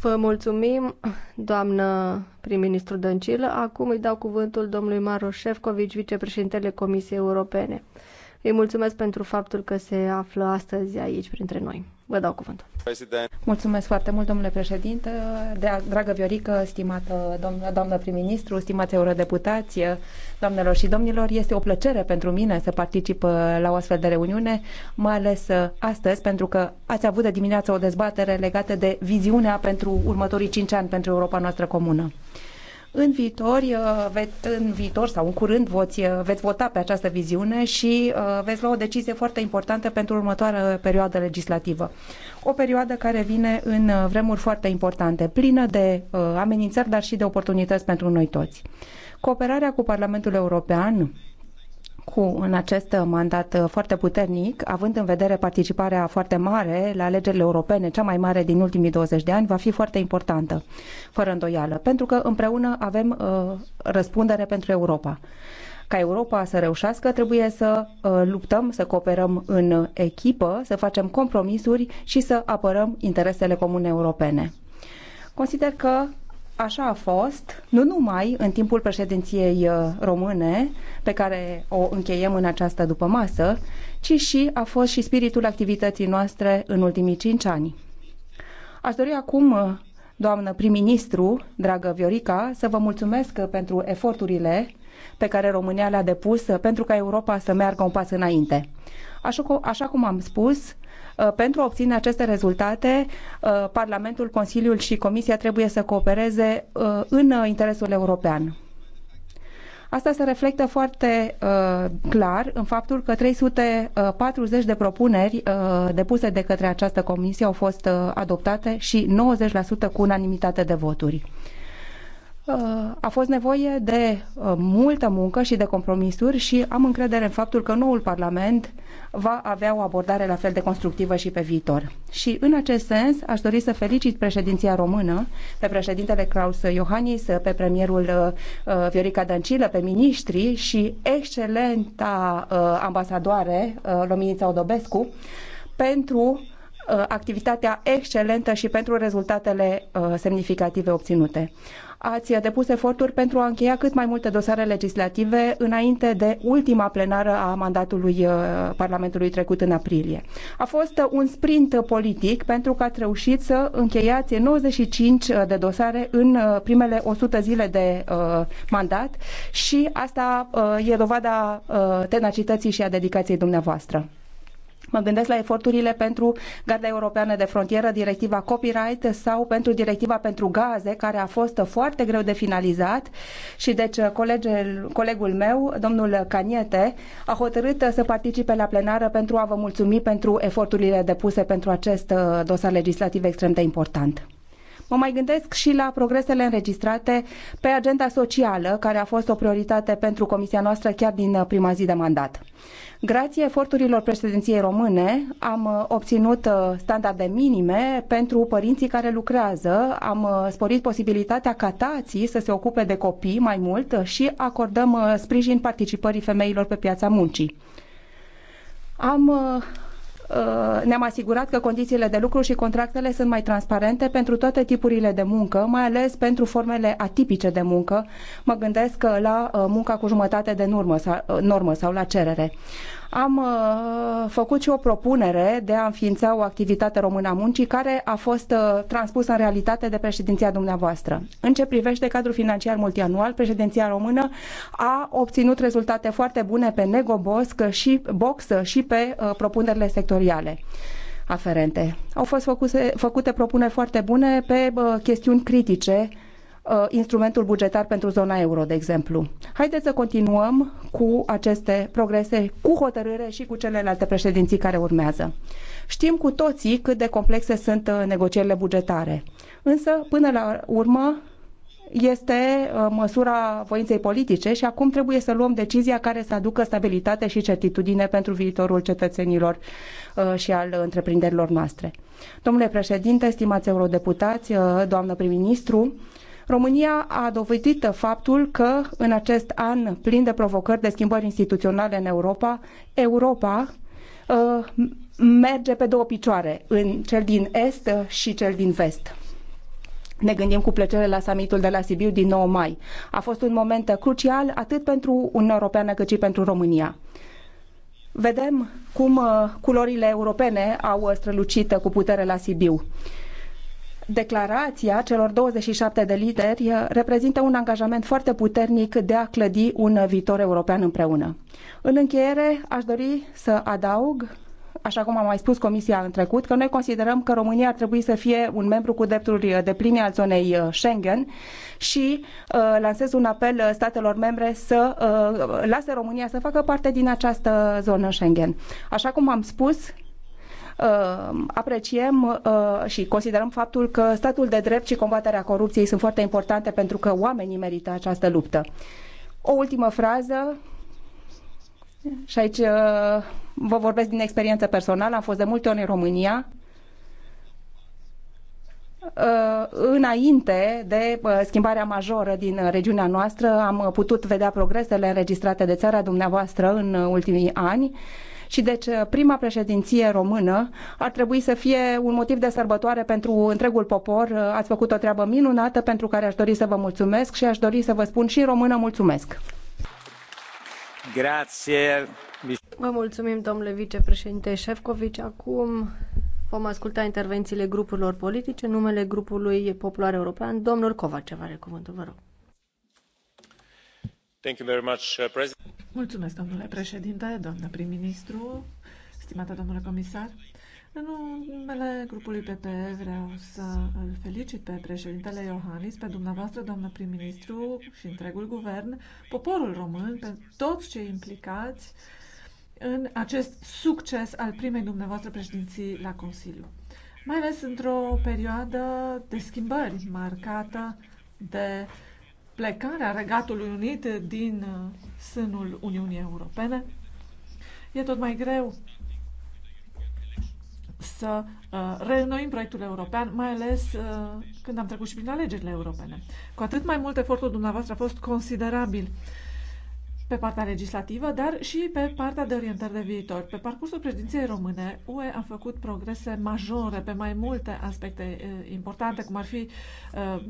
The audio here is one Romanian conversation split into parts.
Vă mulțumim, doamnă prim-ministru Dăncilă. Acum îi dau cuvântul domnului Maro Șefcovici, vicepreședintele Comisiei Europene. Îi mulțumesc pentru faptul că se află astăzi aici printre noi. Vă dau cuvântul. President. Mulțumesc foarte mult, domnule președinte, dragă Viorică, stimată doamnă, doamnă prim-ministru, stimați eurodeputați, doamnelor și domnilor, este o plăcere pentru mine să particip uh, la o astfel de reuniune, mai ales uh, astăzi, pentru că ați avut de dimineață o dezbatere legată de viziunea pentru următorii cinci ani pentru Europa noastră comună. În viitor, uh, veți, în viitor sau în curând voți, uh, veți vota pe această viziune și uh, veți lua o decizie foarte importantă pentru următoarea perioadă legislativă. O perioadă care vine în vremuri foarte importante, plină de amenințări, dar și de oportunități pentru noi toți. Cooperarea cu Parlamentul European cu în acest mandat uh, foarte puternic, având în vedere participarea foarte mare la alegerile europene, cea mai mare din ultimii 20 de ani, va fi foarte importantă, fără îndoială, pentru că împreună avem uh, răspundere pentru Europa. Ca Europa să reușească, trebuie să uh, luptăm, să cooperăm în echipă, să facem compromisuri și să apărăm interesele comune europene. Consider că Așa a fost, nu numai în timpul președinției uh, române, pe care o încheiem în această masă, ci și a fost și spiritul activității noastre în ultimii cinci ani. Aș dori acum, uh, doamnă prim-ministru, dragă Viorica, să vă mulțumesc uh, pentru eforturile pe care România le-a depus pentru ca Europa să meargă un pas înainte. așa cum am spus, Uh, pentru a obține aceste rezultate, uh, Parlamentul, Consiliul și Comisia trebuie să coopereze uh, în interesul european. Asta se reflectă foarte uh, clar în faptul că 340 de propuneri uh, depuse de către această comisie au fost uh, adoptate și 90% cu unanimitate de voturi. Uh, a fost nevoie de uh, multă muncă și de compromisuri și am încredere în faptul că noul Parlament va avea o abordare la fel de constructivă și pe viitor. Și în acest sens aș dori să felicit președinția română, pe președintele Klaus Iohannis, pe premierul uh, Viorica Dăncilă, pe miniștri și excelenta ambasadoare Lominița Odobescu pentru activitatea excelentă și pentru rezultatele semnificative obținute ați depus eforturi pentru a încheia cât mai multe dosare legislative înainte de ultima plenară a mandatului uh, Parlamentului trecut în aprilie. A fost uh, un sprint politic pentru că ați reușit să încheiați 95 uh, de dosare în primele 100 zile de mandat și asta e dovada tenacității și a dedicației dumneavoastră. Mă gândesc la eforturile pentru Garda Europeană de Frontieră, directiva copyright sau pentru directiva pentru gaze, care a fost foarte greu de finalizat și deci colegel, colegul meu, domnul Caniete, a hotărât să participe la plenară pentru a vă mulțumi pentru eforturile depuse pentru acest uh, dosar legislativ extrem de important. Mă mai gândesc și la progresele înregistrate pe agenda socială, care a fost o prioritate pentru comisia noastră chiar din uh, prima zi de mandat. Grație eforturilor președinției române am uh, obținut uh, standarde minime pentru părinții care lucrează, am sporit posibilitatea ca tații să se ocupe de copii mai mult și acordăm sprijin participării femeilor pe piața muncii. Am Uh, ne-am asigurat că condițiile de lucru și contractele sunt mai transparente pentru toate tipurile de muncă, mai ales pentru formele atipice de muncă. Mă gândesc uh, la uh, munca cu jumătate de normă sau, normă sau la cerere am uh, făcut și o propunere de a înființa o activitate română a muncii care a fost uh, transpusă în realitate de președinția dumneavoastră. În ce privește cadrul financiar multianual, președinția română a obținut rezultate foarte bune pe negobosc și box și pe uh, propunerile sectoriale aferente. Au fost făcuse, făcute propuneri foarte bune pe chestiuni critice Uh, instrumentul bugetar pentru zona euro, de exemplu. Haideți să continuăm cu aceste progrese, cu hotărâre și cu celelalte președinții care urmează. Știm cu toții cât de complexe sunt uh, negocierile bugetare. Însă, până la urmă, este uh, măsura voinței politice și acum trebuie să luăm decizia care să aducă stabilitate și certitudine pentru viitorul cetățenilor și al întreprinderilor noastre. Domnule președinte, stimați eurodeputați, doamnă prim-ministru, România a dovedit faptul că în acest an plin de provocări de schimbări instituționale în Europa, Europa uh, merge pe două picioare, în cel din est și cel din vest. Ne gândim cu plăcere la summitul de la Sibiu din 9 mai. A fost un moment crucial atât pentru Uniunea Europeană cât și pentru România. Vedem cum uh, culorile europene au uh, strălucit cu putere la Sibiu declarația celor 27 de lideri eh, reprezintă un angajament foarte puternic de a clădi un viitor european împreună. În încheiere, aș dori să adaug așa cum am mai spus Comisia în trecut, că noi considerăm că România ar trebui să fie un membru cu drepturi eh, de pline al zonei eh, Schengen și uh, lansez un apel statelor membre să uh, lase România să facă parte din această zonă Schengen. Așa cum am spus, Uh, apreciem uh, și considerăm faptul că statul de drept și combaterea corupției sunt foarte importante pentru că oamenii merită această luptă. O ultimă frază. Și aici uh, vă vorbesc din experiență personală. Am fost de multe ori în România înainte de schimbarea majoră din regiunea noastră am putut vedea progresele înregistrate de țara dumneavoastră în ultimii ani și deci uh, prima președinție română ar trebui să fie un motiv de sărbătoare pentru întregul popor. Uh, ați făcut o treabă minunată pentru care aș dori să vă mulțumesc și aș dori să vă spun și în română mulțumesc. Grație. Vă mulțumim, domnule vicepreședinte Șefcovic. Acum vom asculta intervențiile grupurilor politice, numele grupului Popular European. Domnul Covace, are cuvântul, vă rog. Uh, Mulțumesc, domnule președinte, doamnă prim-ministru, stimată domnule comisar. În numele grupului PPE vreau să îl felicit pe președintele Iohannis, pe dumneavoastră, doamnă prim-ministru și întregul guvern, poporul român, pe toți cei implicați în acest succes al primei dumneavoastră președinții la Consiliu. Mai ales într-o perioadă de schimbări marcată de uh, plecarea Regatului Unit din uh, sânul Uniunii Europene, e tot mai greu să uh, reînnoim proiectul european, mai ales uh, când am trecut și prin alegerile europene. Cu atât mai mult efortul dumneavoastră a fost considerabil pe partea legislativă, dar și pe partea de orientări de viitor. Pe parcursul președinției române, UE a făcut progrese majore pe mai multe aspecte uh, importante, cum ar fi uh,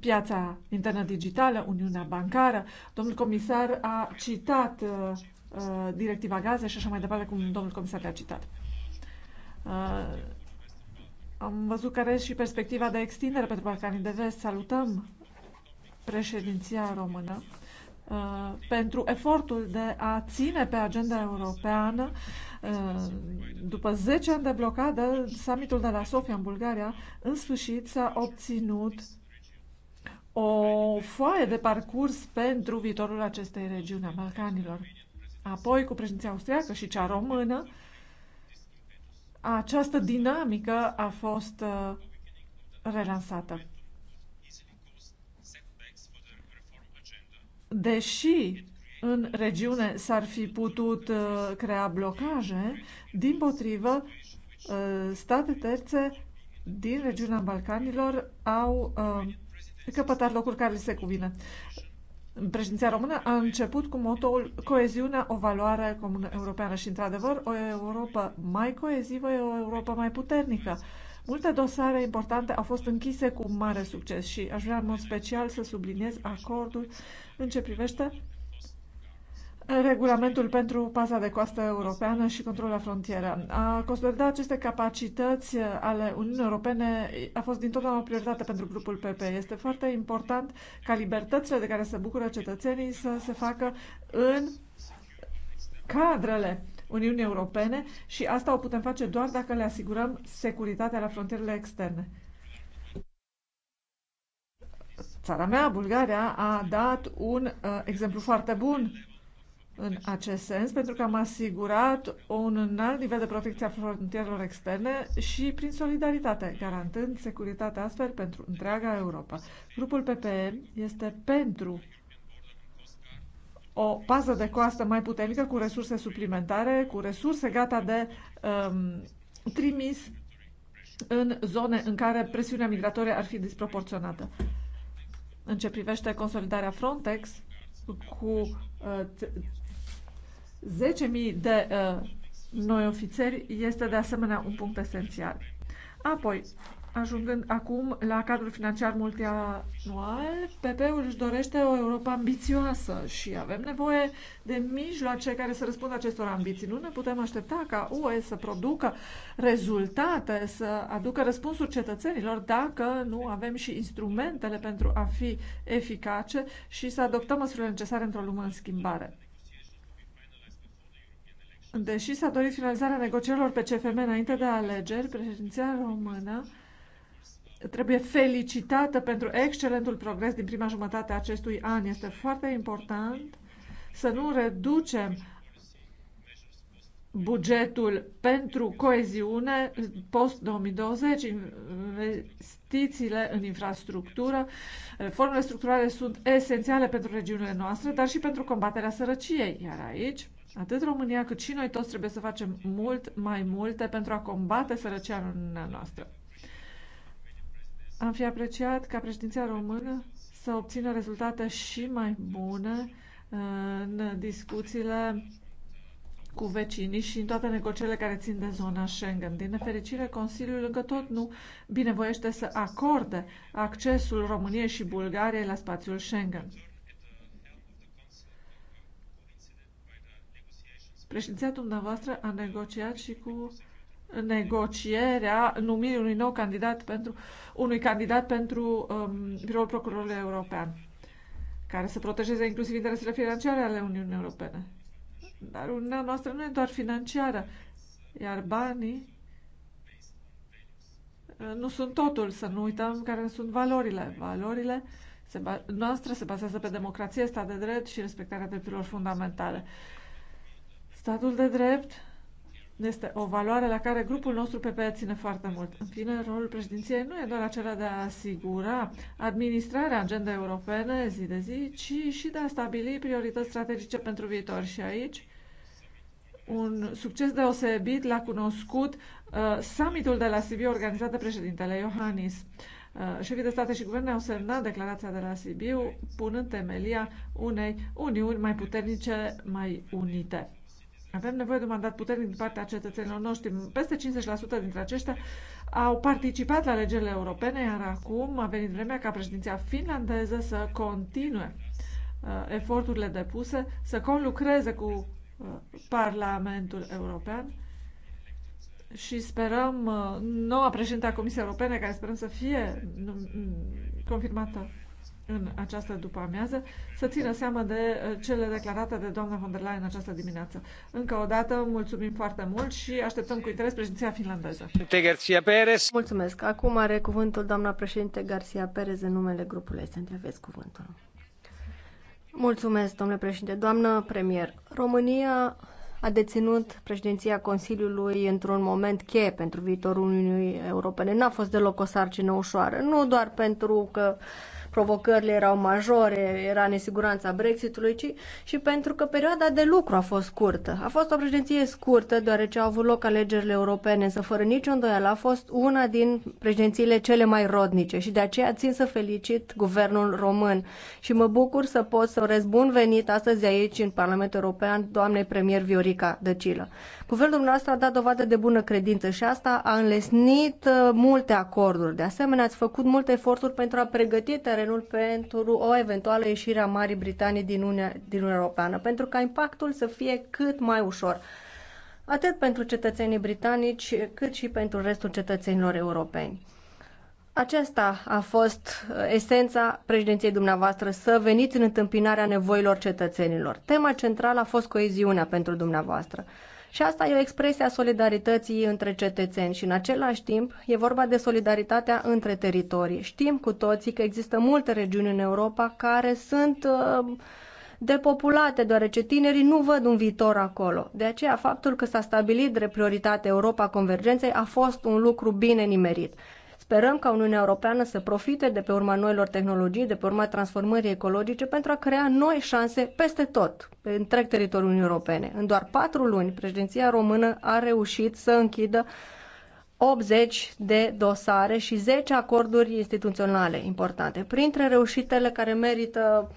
piața internă digitală, Uniunea Bancară. Domnul comisar a citat uh, uh directiva gaze și așa mai departe, cum domnul comisar le-a citat. Uh, am văzut care este și perspectiva de extindere pentru Balcanii de Vest. Salutăm președinția română uh, pentru efortul de a ține pe agenda europeană uh, după 10 ani de blocadă, summitul de la Sofia în Bulgaria, în sfârșit s-a obținut o foaie de parcurs pentru viitorul acestei regiuni a Balcanilor. Apoi, cu președinția austriacă și cea română, această dinamică a fost uh, relansată. Deși în regiune s-ar fi putut uh, crea blocaje, din potrivă, uh, state terțe din regiunea Balcanilor au uh, căpătat locul care li se cuvine. Președinția română a început cu motoul Coeziunea, o valoare comună europeană și, într-adevăr, o Europa mai coezivă e o Europa mai puternică. Multe dosare importante au fost închise cu mare succes și aș vrea în mod special să subliniez acordul în ce privește regulamentul pentru paza de coastă europeană și controlul la frontieră. A consolida aceste capacități ale Uniunii Europene a fost dintotdeauna o prioritate pentru grupul PP. Este foarte important ca libertățile de care se bucură cetățenii să se facă în cadrele Uniunii Europene și asta o putem face doar dacă le asigurăm securitatea la frontierele externe. Țara mea, Bulgaria, a dat un uh, exemplu foarte bun în acest sens, pentru că am asigurat un înalt nivel de protecție a frontierelor externe și prin solidaritate, garantând securitatea astfel pentru întreaga Europa. Grupul PPE este pentru o pază de coastă mai puternică, cu resurse suplimentare, cu resurse gata de um, trimis în zone în care presiunea migratorie ar fi disproporționată. În ce privește consolidarea Frontex, cu uh, 10.000 de uh, noi ofițeri este de asemenea un punct esențial. Apoi, ajungând acum la cadrul financiar multianual, PP-ul își dorește o Europa ambițioasă și avem nevoie de mijloace care să răspundă acestor ambiții. Nu ne putem aștepta ca UE să producă rezultate, să aducă răspunsuri cetățenilor dacă nu avem și instrumentele pentru a fi eficace și să adoptăm măsurile necesare într-o lume în schimbare. Deși s-a dorit finalizarea negocierilor pe CFM înainte de alegeri, președinția română trebuie felicitată pentru excelentul progres din prima jumătate a acestui an. Este foarte important să nu reducem bugetul pentru coeziune post-2020, investițiile în infrastructură. Reformele structurale sunt esențiale pentru regiunile noastre, dar și pentru combaterea sărăciei. Iar aici Atât România cât și noi toți trebuie să facem mult mai multe pentru a combate sărăcia în Uniunea noastră. Am fi apreciat ca președinția română să obțină rezultate și mai bune uh, în discuțiile cu vecinii și în toate negocierile care țin de zona Schengen. Din nefericire, Consiliul încă tot nu binevoiește să acorde accesul României și Bulgariei la spațiul Schengen. Președinția dumneavoastră a negociat și cu negocierea numirii unui nou candidat pentru, unui candidat pentru um, biroul procurorului european, care să protejeze inclusiv interesele financiare ale Uniunii Europene. Dar Uniunea noastră nu e doar financiară, iar banii uh, nu sunt totul, să nu uităm care sunt valorile. Valorile se noastre se bazează pe democrație, stat de drept și respectarea drepturilor fundamentale. Statul de drept este o valoare la care grupul nostru PPE ține foarte mult. În fine, rolul președinției nu e doar acela de a asigura administrarea agendei europene zi de zi, ci și de a stabili priorități strategice pentru viitor. Și aici, un succes deosebit l-a cunoscut uh, summitul de la Sibiu organizat de președintele Iohannis. Uh, șefii de state și guverne au semnat declarația de la Sibiu, punând temelia unei uniuni mai puternice, mai unite. Avem nevoie de un mandat puternic din partea cetățenilor noștri. Peste 50% dintre aceștia au participat la alegerile europene, iar acum a venit vremea ca președinția finlandeză să continue uh, eforturile depuse, să conlucreze cu uh, Parlamentul European și sperăm uh, noua președinte a Comisiei Europene, care sperăm să fie mm, confirmată în această după-amiază să țină seama de uh, cele declarate de doamna von der Leyen în această dimineață. Încă o dată, mulțumim foarte mult și așteptăm cu interes președinția finlandeză. Garcia Perez. Mulțumesc. Acum are cuvântul doamna președinte Garcia Perez în numele grupului SNT. Aveți cuvântul. Mulțumesc, domnule președinte. Doamnă premier, România a deținut președinția Consiliului într-un moment cheie pentru viitorul Uniunii Europene. N-a fost deloc o sarcină ușoară, nu doar pentru că uh, provocările erau majore, era nesiguranța Brexitului, ci și pentru că perioada de lucru a fost scurtă. A fost o președinție scurtă, deoarece au avut loc alegerile europene, să fără nicio îndoială a fost una din președințiile cele mai rodnice și de aceea țin să felicit guvernul român și mă bucur să pot să urez bun venit astăzi aici în Parlamentul European doamnei premier Viorica Dăcilă. Guvernul nostru a dat dovadă de bună credință și asta a înlesnit uh, multe acorduri. De asemenea, ați făcut multe eforturi pentru a pregăti teren terenul pentru o eventuală ieșire a Marii Britanii din Uniunea, din Uniunea Europeană, pentru ca impactul să fie cât mai ușor, atât pentru cetățenii britanici, cât și pentru restul cetățenilor europeni. Aceasta a fost uh, esența președinției dumneavoastră, să veniți în întâmpinarea nevoilor cetățenilor. Tema centrală a fost coeziunea pentru dumneavoastră. Și asta e o expresie a solidarității între cetățeni și în același timp e vorba de solidaritatea între teritorii. Știm cu toții că există multe regiuni în Europa care sunt uh, depopulate, deoarece tinerii nu văd un viitor acolo. De aceea, faptul că s-a stabilit drept prioritate Europa Convergenței a fost un lucru bine nimerit. Sperăm ca Uniunea Europeană să profite de pe urma noilor tehnologii, de pe urma transformării ecologice, pentru a crea noi șanse peste tot, pe întreg teritoriul Uniunii Europene. În doar patru luni, președinția română a reușit să închidă 80 de dosare și 10 acorduri instituționale importante. Printre reușitele care merită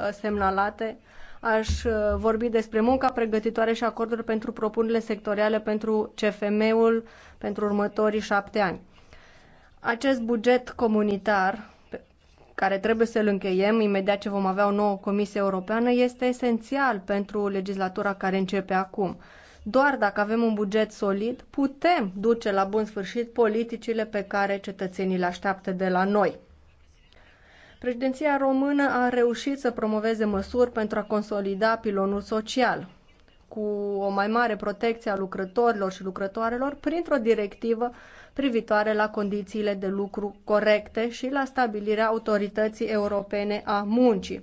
uh, semnalate, aș uh, vorbi despre munca pregătitoare și acorduri pentru propunerile sectoriale pentru CFM-ul pentru următorii șapte ani. Acest buget comunitar care trebuie să-l încheiem imediat ce vom avea o nouă comisie europeană este esențial pentru legislatura care începe acum. Doar dacă avem un buget solid, putem duce la bun sfârșit politicile pe care cetățenii le așteaptă de la noi. Președinția română a reușit să promoveze măsuri pentru a consolida pilonul social, cu o mai mare protecție a lucrătorilor și lucrătoarelor printr-o directivă privitoare la condițiile de lucru corecte și la stabilirea autorității europene a muncii.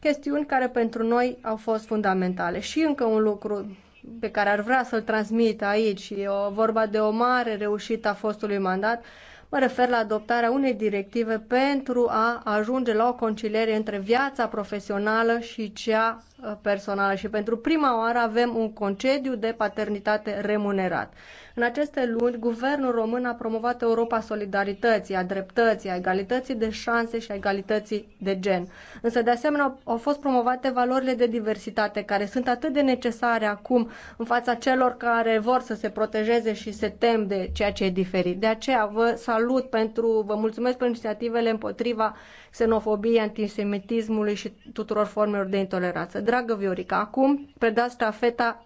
Chestiuni care pentru noi au fost fundamentale. Și încă un lucru pe care ar vrea să-l transmit aici, și e o, vorba de o mare reușită a fostului mandat, mă refer la adoptarea unei directive pentru a ajunge la o conciliere între viața profesională și cea uh, personală. Și pentru prima oară avem un concediu de paternitate remunerat. În aceste luni, guvernul român a promovat Europa solidarității, a dreptății, a egalității de șanse și a egalității de gen. Însă, de asemenea, au fost promovate valorile de diversitate, care sunt atât de necesare acum în fața celor care vor să se protejeze și se tem de ceea ce e diferit. De aceea vă salut pentru, vă mulțumesc pentru inițiativele împotriva xenofobiei, antisemitismului și tuturor formelor de intoleranță. Dragă Viorica, acum predați stafeta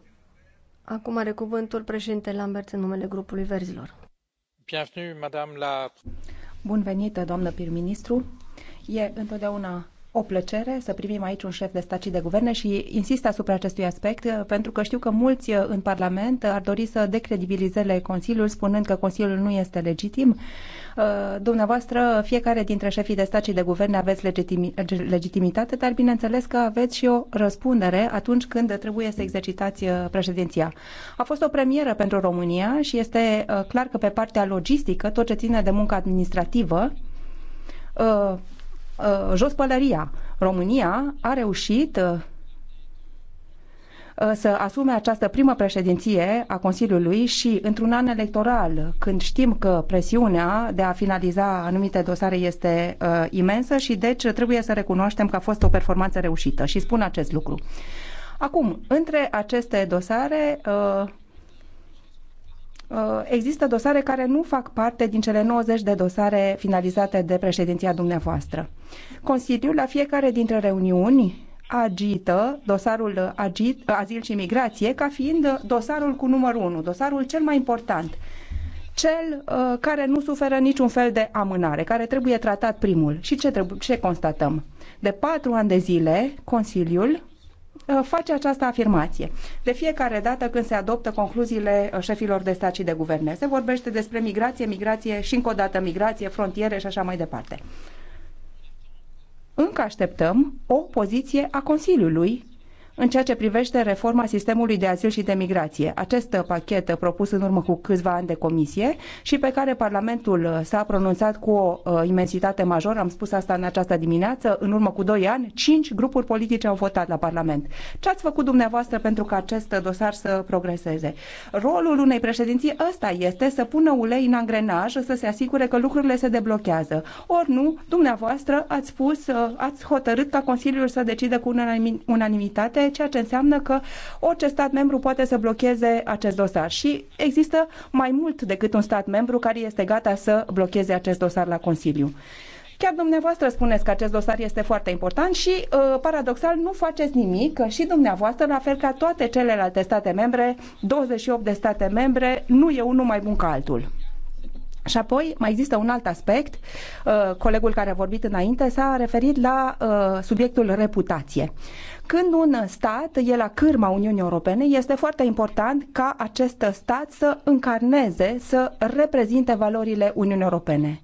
Acum are cuvântul președinte Lambert în numele grupului Verzilor. Bun venit, doamnă prim-ministru. E întotdeauna o plăcere să primim aici un șef de stat și de guverne și insist asupra acestui aspect uh, pentru că știu că mulți uh, în Parlament uh, ar dori să decredibilizeze Consiliul spunând că Consiliul nu este legitim. Dumneavoastră, fiecare dintre șefii de stat și de guverne aveți legitimitate, dar bineînțeles că aveți și o răspundere atunci când trebuie să exercitați președinția. A fost o premieră pentru România și este clar că pe partea logistică, tot ce ține de muncă administrativă, Uh, jos pălăria. România a reușit uh, uh, să asume această primă președinție a Consiliului și într-un an electoral, când știm că presiunea de a finaliza anumite dosare este uh, imensă și deci trebuie să recunoaștem că a fost o performanță reușită și spun acest lucru. Acum, între aceste dosare uh, Uh, există dosare care nu fac parte din cele 90 de dosare finalizate de președinția dumneavoastră. Consiliul, la fiecare dintre reuniuni, agită dosarul agit, azil și migrație ca fiind dosarul cu numărul 1, dosarul cel mai important, cel uh, care nu suferă niciun fel de amânare, care trebuie tratat primul. Și ce, trebuie, ce constatăm? De patru ani de zile, Consiliul Uh, face această afirmație. De fiecare dată când se adoptă concluziile uh, șefilor de stat și de guverne, se vorbește despre migrație, migrație și încă o dată migrație, frontiere și așa mai departe. Încă așteptăm o poziție a Consiliului în ceea ce privește reforma sistemului de azil și de migrație. Acest pachet propus în urmă cu câțiva ani de comisie și pe care Parlamentul s-a pronunțat cu o uh, imensitate majoră, am spus asta în această dimineață, în urmă cu doi ani, cinci grupuri politice au votat la Parlament. Ce ați făcut dumneavoastră pentru ca acest dosar să progreseze? Rolul unei președinții ăsta este să pună ulei în angrenaj, să se asigure că lucrurile se deblochează. Ori nu, dumneavoastră ați spus, uh, ați hotărât ca Consiliul să decidă cu unanimitate ceea ce înseamnă că orice stat membru poate să blocheze acest dosar. Și există mai mult decât un stat membru care este gata să blocheze acest dosar la Consiliu. Chiar dumneavoastră spuneți că acest dosar este foarte important și, uh, paradoxal, nu faceți nimic, că și dumneavoastră, la fel ca toate celelalte state membre, 28 de state membre, nu e unul mai bun ca altul. Și apoi mai există un alt aspect. Uh, colegul care a vorbit înainte s-a referit la uh, subiectul reputație. Când un stat e la cârma Uniunii Europene, este foarte important ca acest stat să încarneze, să reprezinte valorile Uniunii Europene.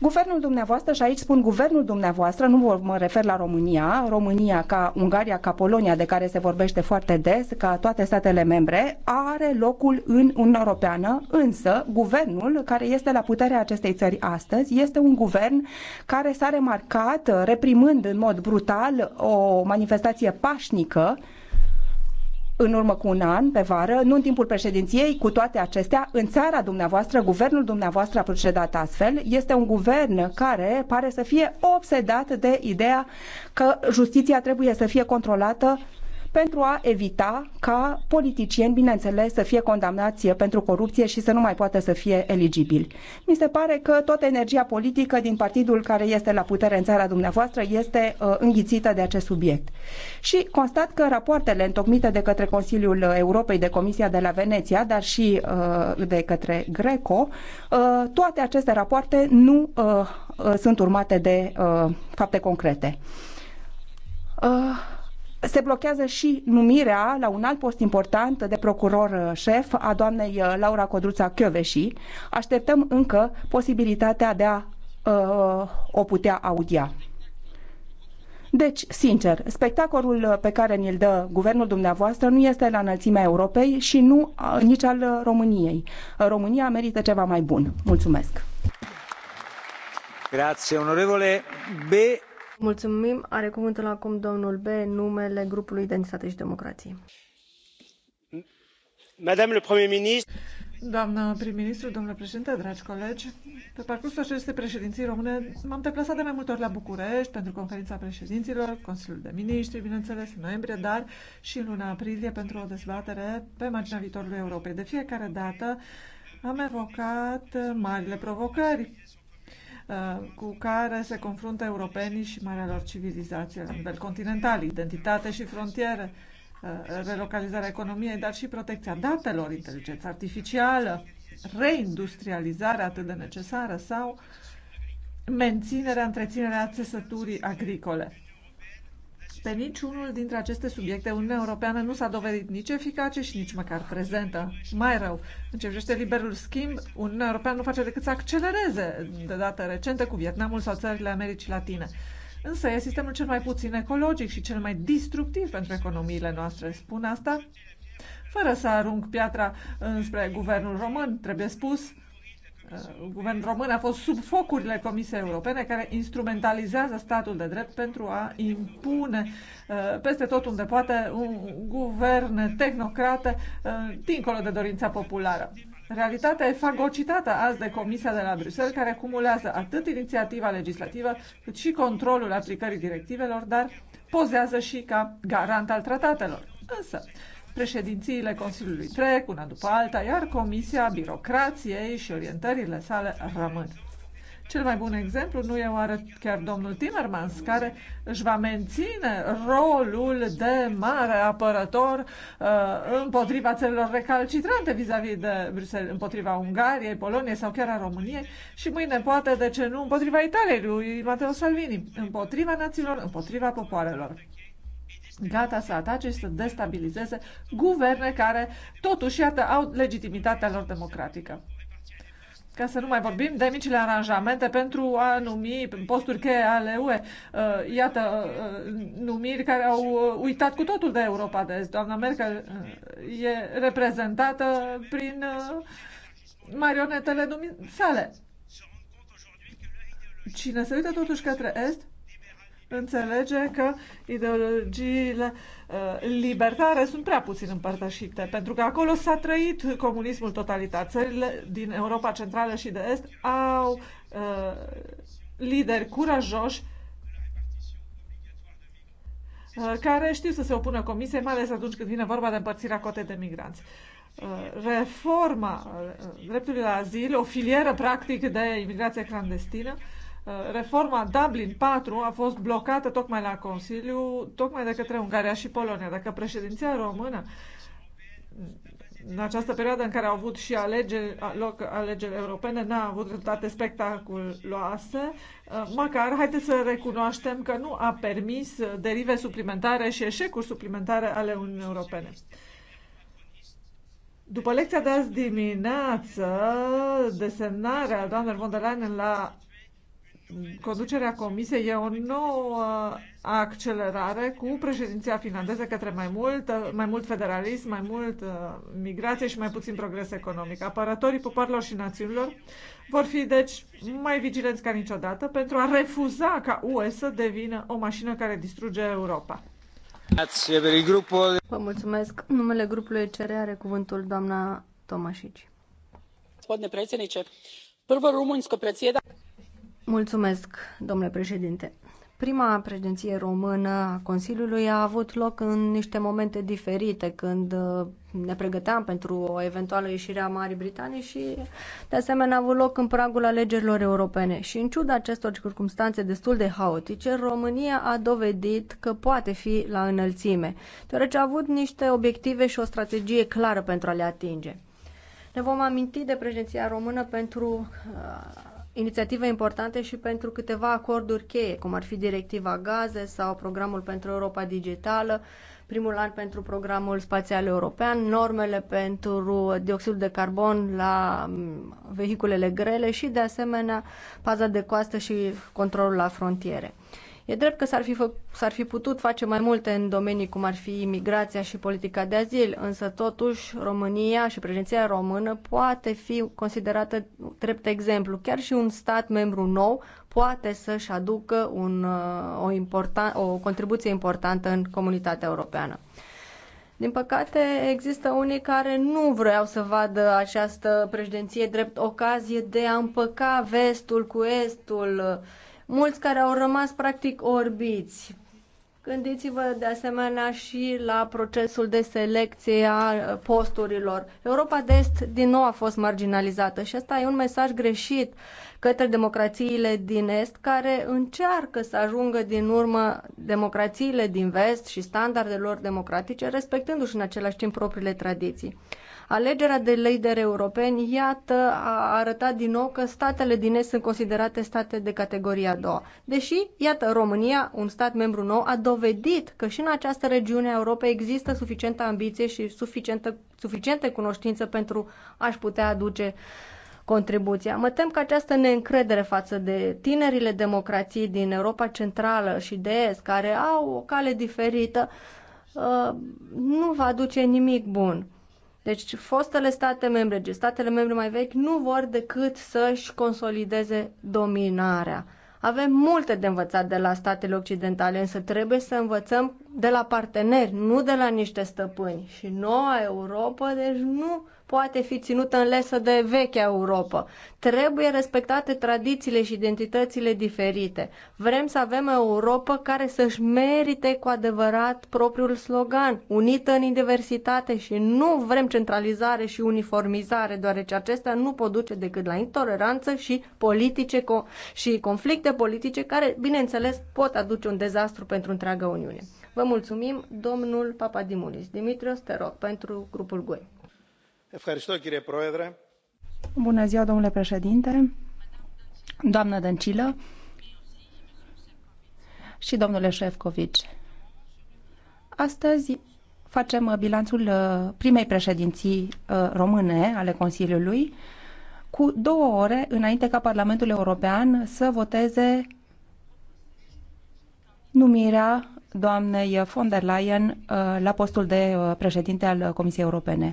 Guvernul dumneavoastră, și aici spun guvernul dumneavoastră, nu mă refer la România, România ca Ungaria, ca Polonia, de care se vorbește foarte des, ca toate statele membre, are locul în Uniunea Europeană, însă guvernul care este la puterea acestei țări astăzi este un guvern care s-a remarcat reprimând în mod brutal o manifestație pașnică în urmă cu un an, pe vară, nu în timpul președinției, cu toate acestea, în țara dumneavoastră, guvernul dumneavoastră a procedat astfel. Este un guvern care pare să fie obsedat de ideea că justiția trebuie să fie controlată pentru a evita ca politicieni, bineînțeles, să fie condamnați pentru corupție și să nu mai poată să fie eligibili. Mi se pare că toată energia politică din partidul care este la putere în țara dumneavoastră este uh, înghițită de acest subiect. Și constat că rapoartele întocmite de către Consiliul Europei, de Comisia de la Veneția, dar și uh, de către Greco, uh, toate aceste rapoarte nu uh, sunt urmate de uh, fapte concrete. Uh, se blochează și numirea la un alt post important de procuror uh, șef a doamnei uh, Laura Codruța Chioveși. Așteptăm încă posibilitatea de a uh, o putea audia. Deci, sincer, spectacolul pe care ni-l dă guvernul dumneavoastră nu este la înălțimea Europei și nu uh, nici al României. România merită ceva mai bun. Mulțumesc! Grazie, onorevole B. Mulțumim. Are cuvântul acum domnul B, numele grupului Identitate și Democrație. Madame le Premier ministre. Doamnă prim-ministru, domnule președinte, dragi colegi, pe parcursul acestei președinții române m-am deplasat de mai multe ori la București pentru conferința președinților, Consiliul de Miniștri, bineînțeles, în noiembrie, dar și în luna aprilie pentru o dezbatere pe marginea viitorului Europei. De fiecare dată am evocat marile provocări Uh, cu care se confruntă europenii și marea lor civilizație la nivel continental, identitate și frontiere, uh, relocalizarea economiei, dar și protecția datelor, inteligența artificială, reindustrializarea atât de necesară sau menținerea, întreținerea țesăturii agricole. Pe niciunul dintre aceste subiecte, Uniunea Europeană nu s-a dovedit nici eficace și nici măcar prezentă. Mai rău, în ce privește liberul schimb, Uniunea Europeană nu face decât să accelereze de dată recentă cu Vietnamul sau țările Americii Latine. Însă e sistemul cel mai puțin ecologic și cel mai distructiv pentru economiile noastre. Spun asta fără să arunc piatra înspre guvernul român, trebuie spus, Uh, guvern român a fost sub focurile Comisiei Europene care instrumentalizează statul de drept pentru a impune uh, peste tot unde poate un guvern tehnocrate uh, dincolo de dorința populară. Realitatea e fagocitată azi de Comisia de la Bruxelles, care acumulează atât inițiativa legislativă, cât și controlul aplicării directivelor, dar pozează și ca garant al tratatelor. Însă, Președințiile Consiliului trec una după alta, iar Comisia Birocrației și orientările sale rămân. Cel mai bun exemplu nu e oare chiar domnul Timmermans, care își va menține rolul de mare apărător uh, împotriva țărilor recalcitrante vis-a-vis -vis de Bruxelles, împotriva Ungariei, Poloniei sau chiar a României și mâine poate, de ce nu, împotriva Italiei lui Matteo Salvini, împotriva națiilor, împotriva popoarelor gata să atace și să destabilizeze guverne care, totuși, iată, au legitimitatea lor democratică. Ca să nu mai vorbim de micile aranjamente pentru a numi posturi cheie ale UE. Uh, iată, uh, uh, numiri care au uitat cu totul de Europa de Est. Doamna Merkel e reprezentată prin marionetele sale. Cine se uită totuși către Est înțelege că ideologiile uh, libertare sunt prea puțin împărtășite, pentru că acolo s-a trăit comunismul totalitar. Țările din Europa Centrală și de Est au uh, lideri curajoși uh, care știu să se opună comisiei, mai ales atunci când vine vorba de împărțirea cotei de migranți. reforma dreptului la azil, o filieră practic de imigrație clandestină, Uh, reforma Dublin 4 a fost blocată tocmai la Consiliu, tocmai de către Ungaria și Polonia. Dacă președinția română în această perioadă în care au avut și alegeri, loc alegeri europene, n-a avut rezultate spectaculoase, uh, măcar haideți să recunoaștem că nu a permis derive suplimentare și eșecuri suplimentare ale Uniunii Europene. După lecția de azi dimineață, desemnarea doamnei von der Leyen la conducerea Comisiei e o nouă accelerare cu președinția finlandeză către mai mult, mai mult federalism, mai mult uh, migrație și mai puțin progres economic. Apărătorii popoarelor și națiunilor vor fi, deci, mai vigilenți ca niciodată pentru a refuza ca UE să devină o mașină care distruge Europa. Vă mulțumesc. Numele grupului CR are cuvântul doamna Tomașici. Spune președinte, prvo rumunjsko predsjedanje Mulțumesc, domnule președinte. Prima președinție română a Consiliului a avut loc în niște momente diferite, când uh, ne pregăteam pentru o eventuală ieșire a Marii Britanii și, de asemenea, a avut loc în pragul alegerilor europene. Și, în ciuda acestor circunstanțe destul de haotice, România a dovedit că poate fi la înălțime, deoarece a avut niște obiective și o strategie clară pentru a le atinge. Ne vom aminti de președinția română pentru uh, inițiative importante și pentru câteva acorduri cheie, cum ar fi directiva gaze sau programul pentru Europa Digitală, primul an pentru programul spațial european, normele pentru dioxidul de carbon la mm, vehiculele grele și, de asemenea, paza de coastă și controlul la frontiere. E drept că s-ar fi, s-ar fi putut face mai multe în domenii cum ar fi imigrația și politica de azil, însă totuși România și președinția română poate fi considerată drept exemplu. Chiar și un stat membru nou poate să-și aducă un, uh, o, importan, o contribuție importantă în comunitatea europeană. Din păcate, există unii care nu vreau să vadă această președinție drept ocazie de a împăca vestul cu estul, uh, mulți care au rămas practic orbiți. Gândiți-vă de asemenea și la procesul de selecție a posturilor. Europa de Est din nou a fost marginalizată și asta e un mesaj greșit către democrațiile din Est care încearcă să ajungă din urmă democrațiile din Vest și standardelor democratice, respectându-și în același timp propriile tradiții. Alegerea de lideri europeni, iată, a arătat din nou că statele din Est sunt considerate state de categoria a doua. Deși, iată, România, un stat membru nou, a dovedit că și în această regiune a Europei există suficientă ambiție și suficientă, suficiente cunoștință pentru a-și putea aduce contribuția. Mă tem că această neîncredere față de tinerile democrații din Europa Centrală și de Est, care au o cale diferită, uh, nu va aduce nimic bun. Deci fostele state membre, deci statele membre mai vechi, nu vor decât să-și consolideze dominarea. Avem multe de învățat de la statele occidentale, însă trebuie să învățăm de la parteneri, nu de la niște stăpâni. Și noua Europa, deci, nu poate fi ținută în lesă de vechea Europa. Trebuie respectate tradițiile și identitățile diferite. Vrem să avem o Europa care să-și merite cu adevărat propriul slogan, unită în diversitate și nu vrem centralizare și uniformizare, deoarece acestea nu pot duce decât la intoleranță și politice și conflicte politice care, bineînțeles, pot aduce un dezastru pentru întreaga Uniune. Vă mulțumim, domnul Papadimulis. Dimitrios, te rog, pentru grupul GUE domnule președinte, doamnă Dăncilă și domnule efovi Astăzi facem bilanțul uh, primei președinții uh, române ale Consiliului cu două ore înainte ca Parlamentul European să voteze numirea doamnei von der Leyen uh, la postul de președinte al Comisiei Europene.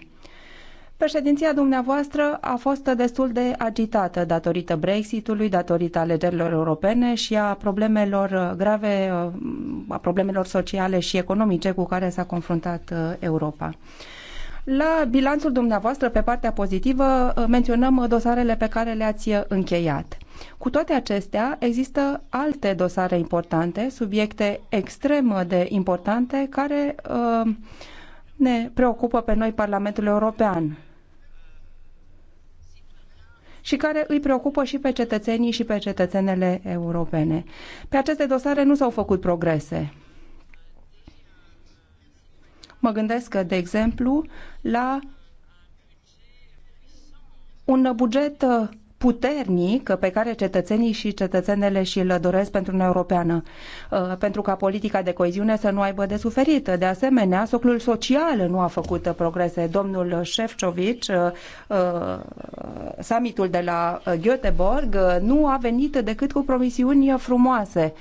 Președinția dumneavoastră a fost destul de agitată datorită Brexitului, datorită alegerilor europene și a problemelor grave, a problemelor sociale și economice cu care s-a confruntat uh, Europa. La bilanțul dumneavoastră, pe partea pozitivă, uh, menționăm dosarele pe care le-ați uh, încheiat. Cu toate acestea, există alte dosare importante, subiecte extrem de importante, care uh, ne preocupă pe noi Parlamentul European și care îi preocupă și pe cetățenii și pe cetățenele europene. Pe aceste dosare nu s-au făcut progrese. Mă gândesc, de exemplu, la un buget puternic pe care cetățenii și cetățenele și îl doresc pentru Uniunea Europeană, uh, pentru ca politica de coeziune să nu aibă de suferit. De asemenea, soclul social nu a făcut progrese. Domnul Șefcovic, uh, uh, summitul de la Göteborg, nu a venit decât cu promisiuni frumoase.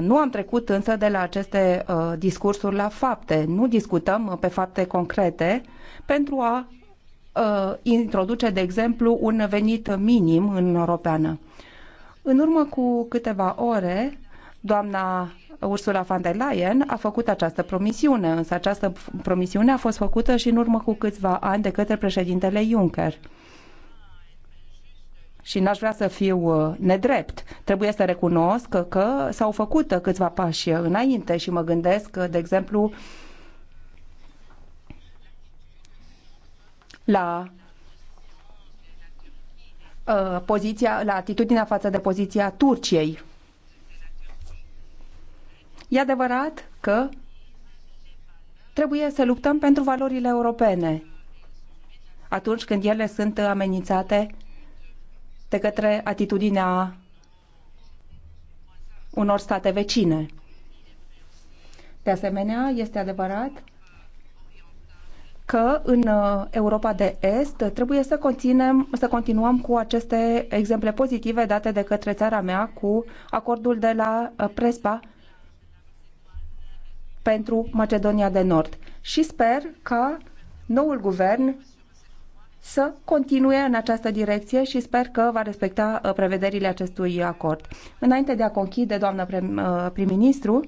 Nu am trecut însă de la aceste discursuri la fapte. Nu discutăm pe fapte concrete pentru a Uh, introduce, de exemplu, un venit minim în Europeană. În urmă cu câteva ore, doamna Ursula von der Leyen a făcut această promisiune, însă această promisiune a fost făcută și în urmă cu câțiva ani de către președintele Juncker. Și n-aș vrea să fiu uh, nedrept. Trebuie să recunosc că s-au făcut câțiva pași înainte și mă gândesc, de exemplu, la uh, poziția, la atitudinea față de poziția Turciei. E adevărat că trebuie să luptăm pentru valorile europene atunci când ele sunt amenințate de către atitudinea unor state vecine. De asemenea, este adevărat că în uh, Europa de Est trebuie să, conținem, să continuăm cu aceste exemple pozitive date de către țara mea cu acordul de la uh, Prespa pentru Macedonia de Nord. Și sper ca noul guvern să continue în această direcție și sper că va respecta uh, prevederile acestui acord. Înainte de a conchide, doamnă prim-ministru,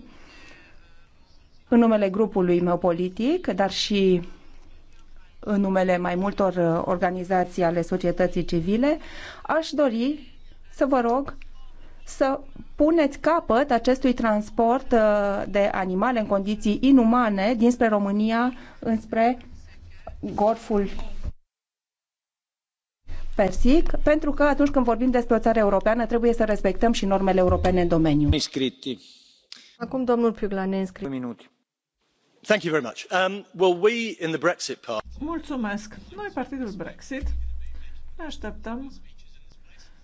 în numele grupului meu politic, dar și în numele mai multor uh, organizații ale societății civile, aș dori să vă rog să puneți capăt acestui transport uh, de animale în condiții inumane dinspre România înspre Golful Persic, pentru că atunci când vorbim despre o țară europeană trebuie să respectăm și normele europene în domeniu. Acum domnul Piuglan ne înscrie. Mulțumesc. Noi, partidul Brexit, ne așteptăm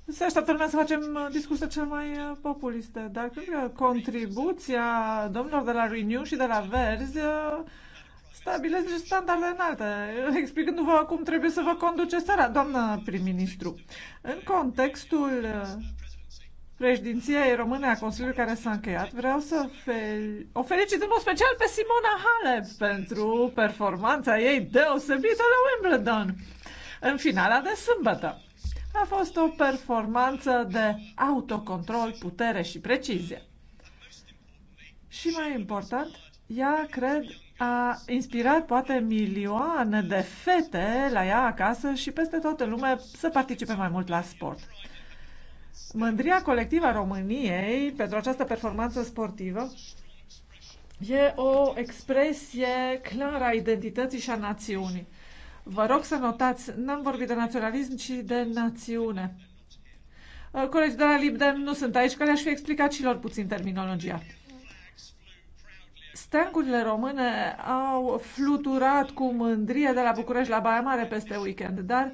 se așteaptă lumea să facem uh, discursul cel mai uh, populiste, dar cred că contribuția domnilor de la Renew și de la Verzi uh, stabilesc niște standarde înalte, explicându-vă cum trebuie să vă conduceți țara, doamnă prim-ministru. În contextul Președinția română a Consiliului care s-a încheiat, vreau să fel... o felicit în mod special pe Simona Halep pentru performanța ei deosebită la Wimbledon în finala de sâmbătă. A fost o performanță de autocontrol, putere și precizie. Și mai important, ea, cred, a inspirat poate milioane de fete la ea acasă și peste toată lumea să participe mai mult la sport. Mândria colectivă a României pentru această performanță sportivă e o expresie clară a identității și a națiunii. Vă rog să notați, n-am vorbit de naționalism, ci de națiune. Uh, colegii de la Libden nu sunt aici, care aș fi explicat și lor puțin terminologia. Steancurile române au fluturat cu mândrie de la București la Baia Mare peste weekend, dar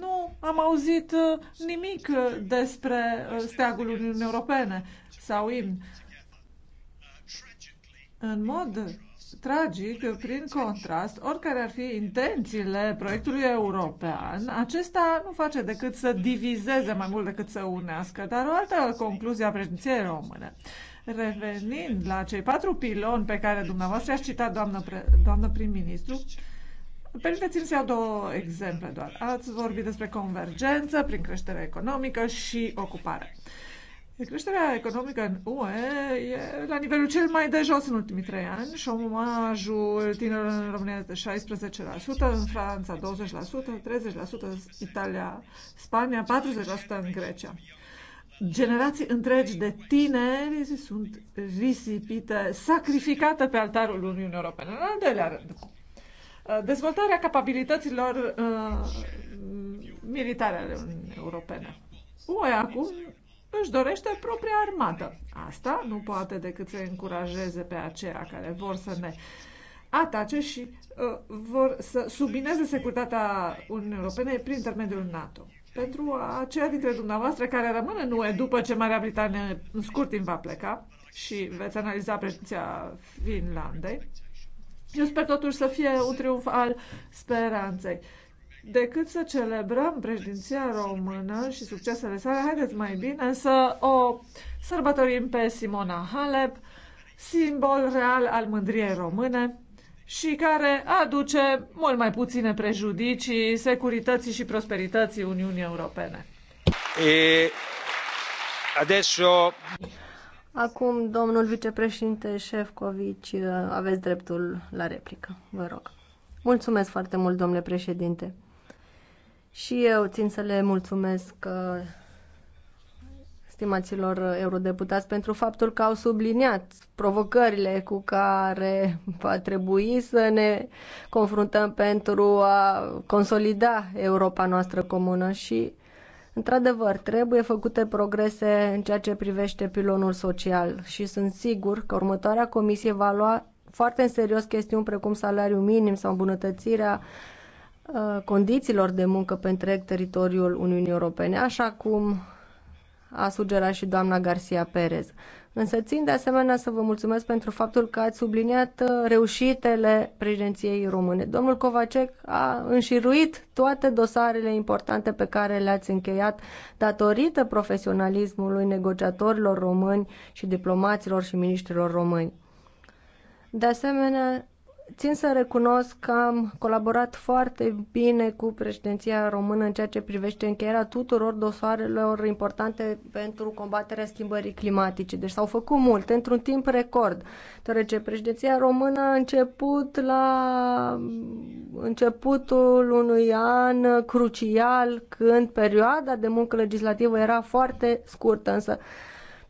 nu am auzit uh, nimic uh, despre uh, steagul Uniunii Europene sau imn. În mod tragic, prin contrast, oricare ar fi intențiile proiectului european, acesta nu face decât să divizeze mai mult decât să unească. Dar o altă concluzie a președinției române. Revenind la cei patru piloni pe care dumneavoastră i-ați citat, doamnă, doamnă prim-ministru, Permiteți-mi să iau două exemple doar. Ați vorbit despre convergență prin creștere economică și ocupare. Creșterea economică în UE e la nivelul cel mai de jos în ultimii trei ani. Șomajul tinerilor în România este de 16%, în Franța 20%, 30% în Italia, Spania, 40% în Grecia. Generații întregi de tineri sunt risipite, sacrificate pe altarul Uniunii Europene. În al doilea rând, Uh, dezvoltarea capabilităților uh, militare ale Uniunii Europene. UE acum își dorește propria armată. Asta nu poate decât să încurajeze pe aceia care vor să ne atace și uh, vor să submineze securitatea Uniunii Europene prin intermediul NATO. Pentru aceia dintre dumneavoastră care rămân în UE după ce Marea Britanie în scurt timp va pleca și veți analiza președinția Finlandei, eu sper totuși să fie un triumf al speranței. Decât să celebrăm președinția română și succesele sale, haideți mai bine să o sărbătorim pe Simona Halep, simbol real al mândriei române și care aduce mult mai puține prejudicii securității și prosperității Uniunii Europene. E... Adesso... Acum, domnul vicepreședinte Șefcovici, aveți dreptul la replică. Vă rog. Mulțumesc foarte mult, domnule președinte. Și eu țin să le mulțumesc uh, stimaților eurodeputați pentru faptul că au subliniat provocările cu care va trebui să ne confruntăm pentru a consolida Europa noastră comună și Într-adevăr, trebuie făcute progrese în ceea ce privește pilonul social și sunt sigur că următoarea comisie va lua foarte în serios chestiuni precum salariul minim sau îmbunătățirea uh, condițiilor de muncă pe întreg teritoriul Uniunii Europene, așa cum a sugerat și doamna Garcia Perez. Însă țin de asemenea să vă mulțumesc pentru faptul că ați subliniat uh, reușitele președinției române. Domnul Covacec a înșiruit toate dosarele importante pe care le-ați încheiat datorită profesionalismului negociatorilor români și diplomaților și ministrilor români. De asemenea, Țin să recunosc că am colaborat foarte bine cu președinția română în ceea ce privește încheierea tuturor dosarelor importante pentru combaterea schimbării climatice. Deci s-au făcut multe într-un timp record, deoarece președinția română a început la începutul unui an crucial, când perioada de muncă legislativă era foarte scurtă, însă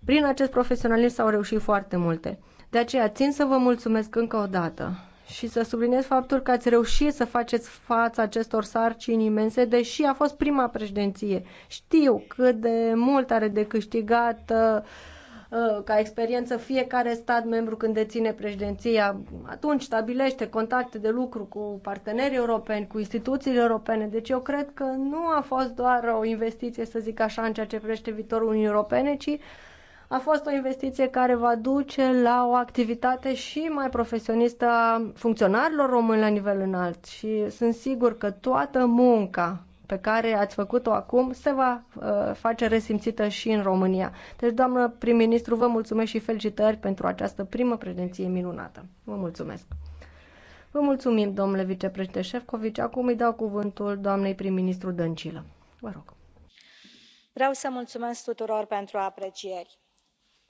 prin acest profesionalism s-au reușit foarte multe. De aceea țin să vă mulțumesc încă o dată și să subliniez faptul că ați reușit să faceți față acestor sarcini imense, deși a fost prima președinție. Știu cât de mult are de câștigat uh, uh, ca experiență fiecare stat membru când deține președinția. Atunci stabilește contacte de lucru cu partenerii europeni, cu instituțiile europene. Deci eu cred că nu a fost doar o investiție, să zic așa, în ceea ce privește viitorul Uniunii Europene, ci a fost o investiție care va duce la o activitate și mai profesionistă a funcționarilor români la nivel înalt și sunt sigur că toată munca pe care ați făcut-o acum se va uh, face resimțită și în România. Deci, doamnă prim-ministru, vă mulțumesc și felicitări pentru această primă prezenție minunată. Vă mulțumesc! Vă mulțumim, domnule vicepreședinte Șefcovici. Acum îi dau cuvântul doamnei prim-ministru Dăncilă. Vă rog. Vreau să mulțumesc tuturor pentru aprecieri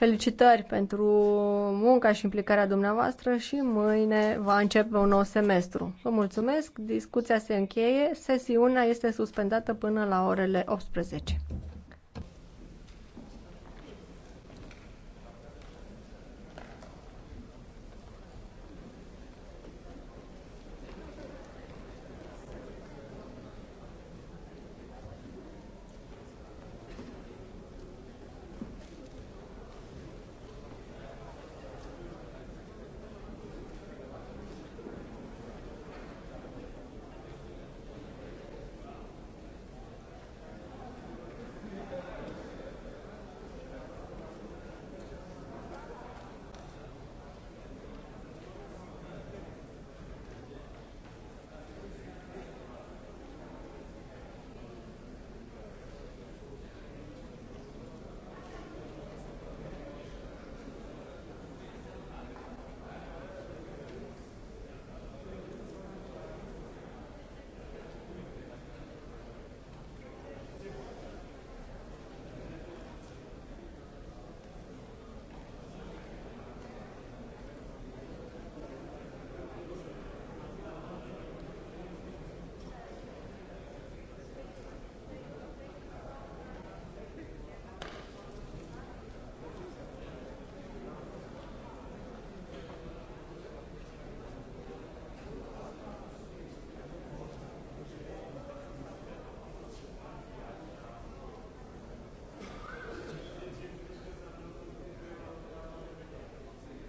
Felicitări pentru munca și implicarea dumneavoastră și mâine va începe un nou semestru. Vă mulțumesc, discuția se încheie, sesiunea este suspendată până la orele 18.